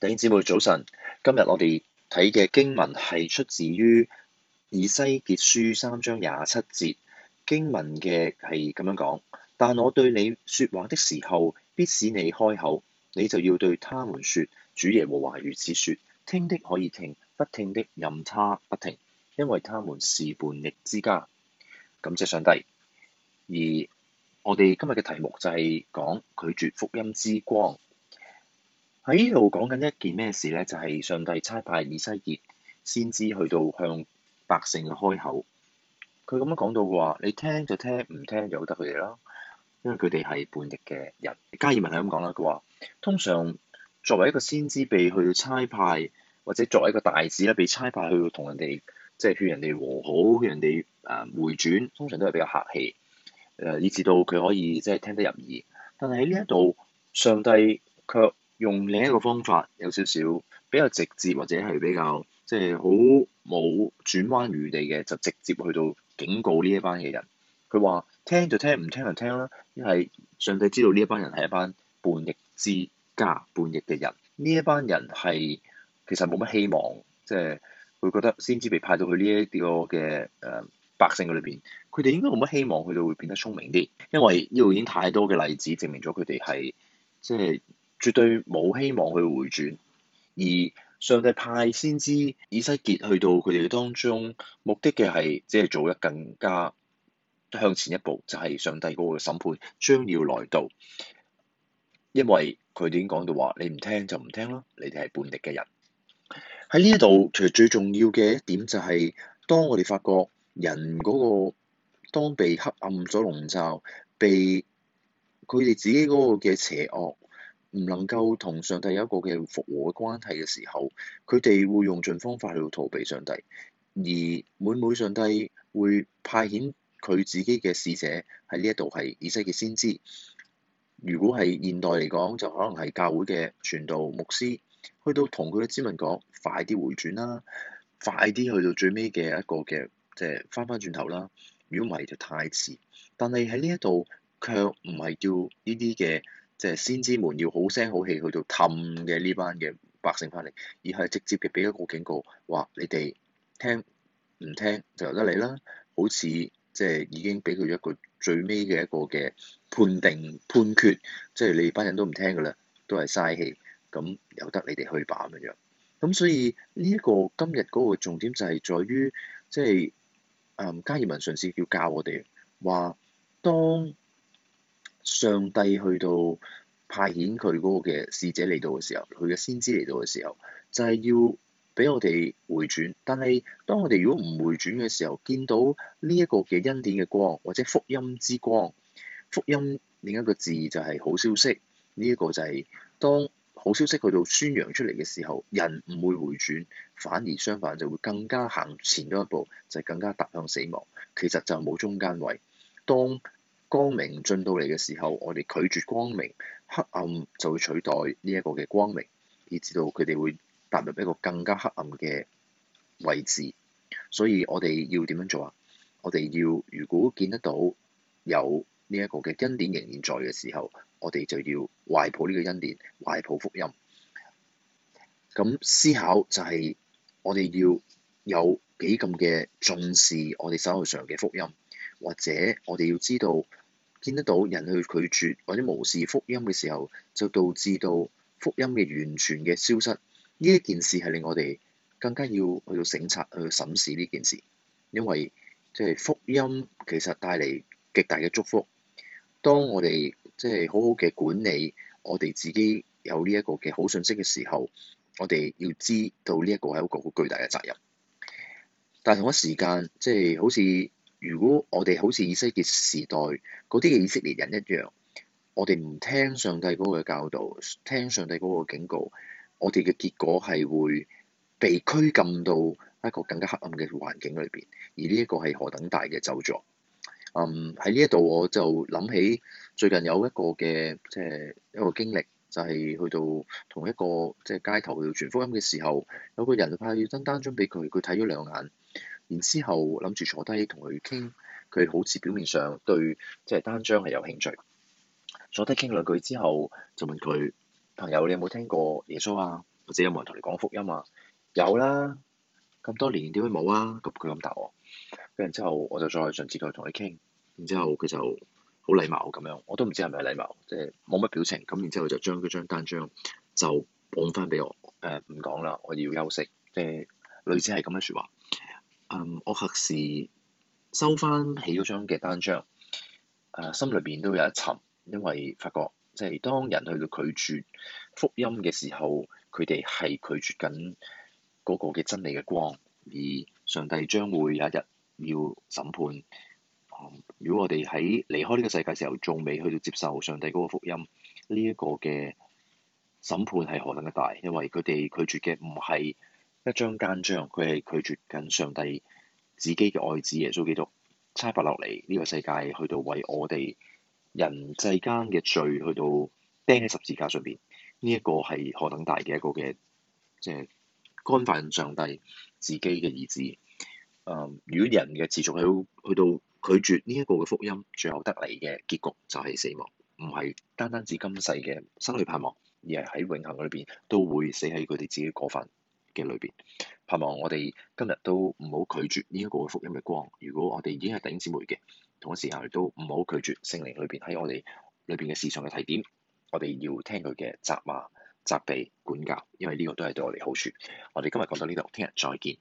弟兄姐妹早晨，今日我哋睇嘅經文係出自於以西結書三章廿七節，經文嘅係咁樣講，但我對你說話的時候，必使你開口，你就要對他們說：主耶和華如此說，聽的可以聽，不聽的任他不聽，因為他們是叛逆之家。感謝上帝，而我哋今日嘅題目就係講拒絕福音之光。喺呢度講緊一件咩事咧？就係、是、上帝差派以西結先知去到向百姓開口。佢咁樣講到話：你聽就聽，唔聽由得佢哋啦。因為佢哋係叛逆嘅人。加爾文係咁講啦。佢話：通常作為一個先知被去到差派，或者作為一個大使咧，被差派去到同人哋即係勸人哋和好、勸人哋啊回轉，通常都係比較客氣。誒，以至到佢可以即係、就是、聽得入耳。但係喺呢一度，上帝卻用另一個方法，有少少比較直接，或者係比較即係好冇轉彎餘地嘅，就直接去到警告呢一班嘅人。佢話聽就聽，唔聽就聽啦。因為上帝知道呢一班人係一班叛逆之家叛逆嘅人，呢一班人係其實冇乜希望，即係佢覺得先至被派到去呢一啲個嘅誒、呃、百姓嘅裏邊，佢哋應該冇乜希望去到會變得聰明啲，因為呢度已經太多嘅例子證明咗佢哋係即係。就是絕對冇希望去回轉，而上帝派先知以西結去到佢哋當中，目的嘅係，只係做一更加向前一步，就係、是、上帝嗰個審判將要來到。因為佢哋已經講到話，你唔聽就唔聽啦，你哋係叛逆嘅人喺呢度。其實最重要嘅一點就係、是、當我哋發覺人嗰、那個當被黑暗所籠罩，被佢哋自己嗰個嘅邪惡。唔能夠同上帝有一個嘅復和關係嘅時候，佢哋會用盡方法去逃避上帝。而每每上帝會派遣佢自己嘅使者喺呢一度係以色列嘅先知。如果係現代嚟講，就可能係教會嘅傳道牧師去到同佢嘅子民講，快啲回轉啦，快啲去到最尾嘅一個嘅即係翻翻轉頭啦。如果唔係就太遲，但係喺呢一度卻唔係叫呢啲嘅。即係先知們要好聲好氣去到氹嘅呢班嘅百姓翻嚟，而係直接嘅俾一個警告，話你哋聽唔聽就由得你啦。好似即係已經俾佢一個最尾嘅一個嘅判定判決，即係你班人都唔聽㗎啦，都係嘥氣。咁由得你哋去吧咁樣。咁所以呢一個今日嗰個重點就係在於，即係誒加爾文上次要教我哋話當。上帝去到派遣佢嗰個嘅使者嚟到嘅時候，佢嘅先知嚟到嘅時候，就係要俾我哋回轉。但係當我哋如果唔回轉嘅時候，見到呢一個嘅恩典嘅光，或者福音之光，福音另一個字就係好消息。呢一個就係當好消息去到宣揚出嚟嘅時候，人唔會回轉，反而相反就會更加行前咗一步，就更加踏向死亡。其實就冇中間位。當。光明進到嚟嘅時候，我哋拒絕光明，黑暗就會取代呢一個嘅光明，以至到佢哋會踏入一個更加黑暗嘅位置。所以我哋要點樣做啊？我哋要如果見得到有呢一個嘅恩典仍然在嘅時候，我哋就要懷抱呢個恩典，懷抱福音。咁思考就係我哋要有幾咁嘅重視我哋手頭上嘅福音。或者我哋要知道，見得到人去拒絕或者無視福音嘅時候，就導致到福音嘅完全嘅消失。呢一件事係令我哋更加要去到審察，去審視呢件事，因為，即係福音其實帶嚟極大嘅祝福。當我哋即係好好嘅管理我哋自己有呢一個嘅好信息嘅時候，我哋要知道呢一個係一個好巨大嘅責任。但係同一時間，即係好似。如果我哋好似以西結時代嗰啲嘅以色列人一樣，我哋唔聽上帝嗰個教導，聽上帝嗰個警告，我哋嘅結果係會被拘禁到一個更加黑暗嘅環境裏邊，而呢一個係何等大嘅咒詛。嗯，喺呢一度我就諗起最近有一個嘅即係一個經歷，就係、是、去到同一個即係、就是、街頭去到傳福音嘅時候，有個人就派要登單張俾佢，佢睇咗兩眼。然之後諗住坐低同佢傾，佢好似表面上對即係單張係有興趣。坐低傾兩句之後，就問佢朋友：你有冇聽過耶穌啊？或者有冇人同你講福音啊？有啦，咁多年點會冇啊？咁佢咁答我。跟住之後，我就再上次再同佢傾。然之後佢就好禮貌咁樣，我都唔知係咪禮貌，即係冇乜表情。咁然之後就將嗰張單張就攞翻俾我。誒，唔講啦，我要休息。即係類似係咁樣説話。嗯，um, 我核時收翻起嗰張嘅單張，誒、啊、心裏邊都有一沉，因為發覺即係、就是、當人去到拒絕福音嘅時候，佢哋係拒絕緊嗰個嘅真理嘅光，而上帝將會有一日要審判。嗯、如果我哋喺離開呢個世界時候仲未去到接受上帝嗰個福音，呢、這、一個嘅審判係何等嘅大，因為佢哋拒絕嘅唔係，一張間張，佢係拒絕緊上帝自己嘅愛子耶穌基督差撥落嚟呢個世界，去到為我哋人世間嘅罪，去到釘喺十字架上邊。呢、這、一個係何等大嘅一個嘅，即係干犯上帝自己嘅意志。誒、嗯，如果人嘅自重喺去到拒絕呢一個嘅福音，最後得嚟嘅結局就係死亡，唔係單單指今世嘅生理盼望，而係喺永恆裏邊都會死喺佢哋自己過分嘅裏邊，盼望我哋今日都唔好拒絕呢一個福音嘅光。如果我哋已經係弟兄姊妹嘅，同一時亦都唔好拒絕聖靈裏邊喺我哋裏邊嘅事上嘅提點。我哋要聽佢嘅責罵、責備、管教，因為呢個都係對我哋好處。我哋今日講到呢度，聽日再見。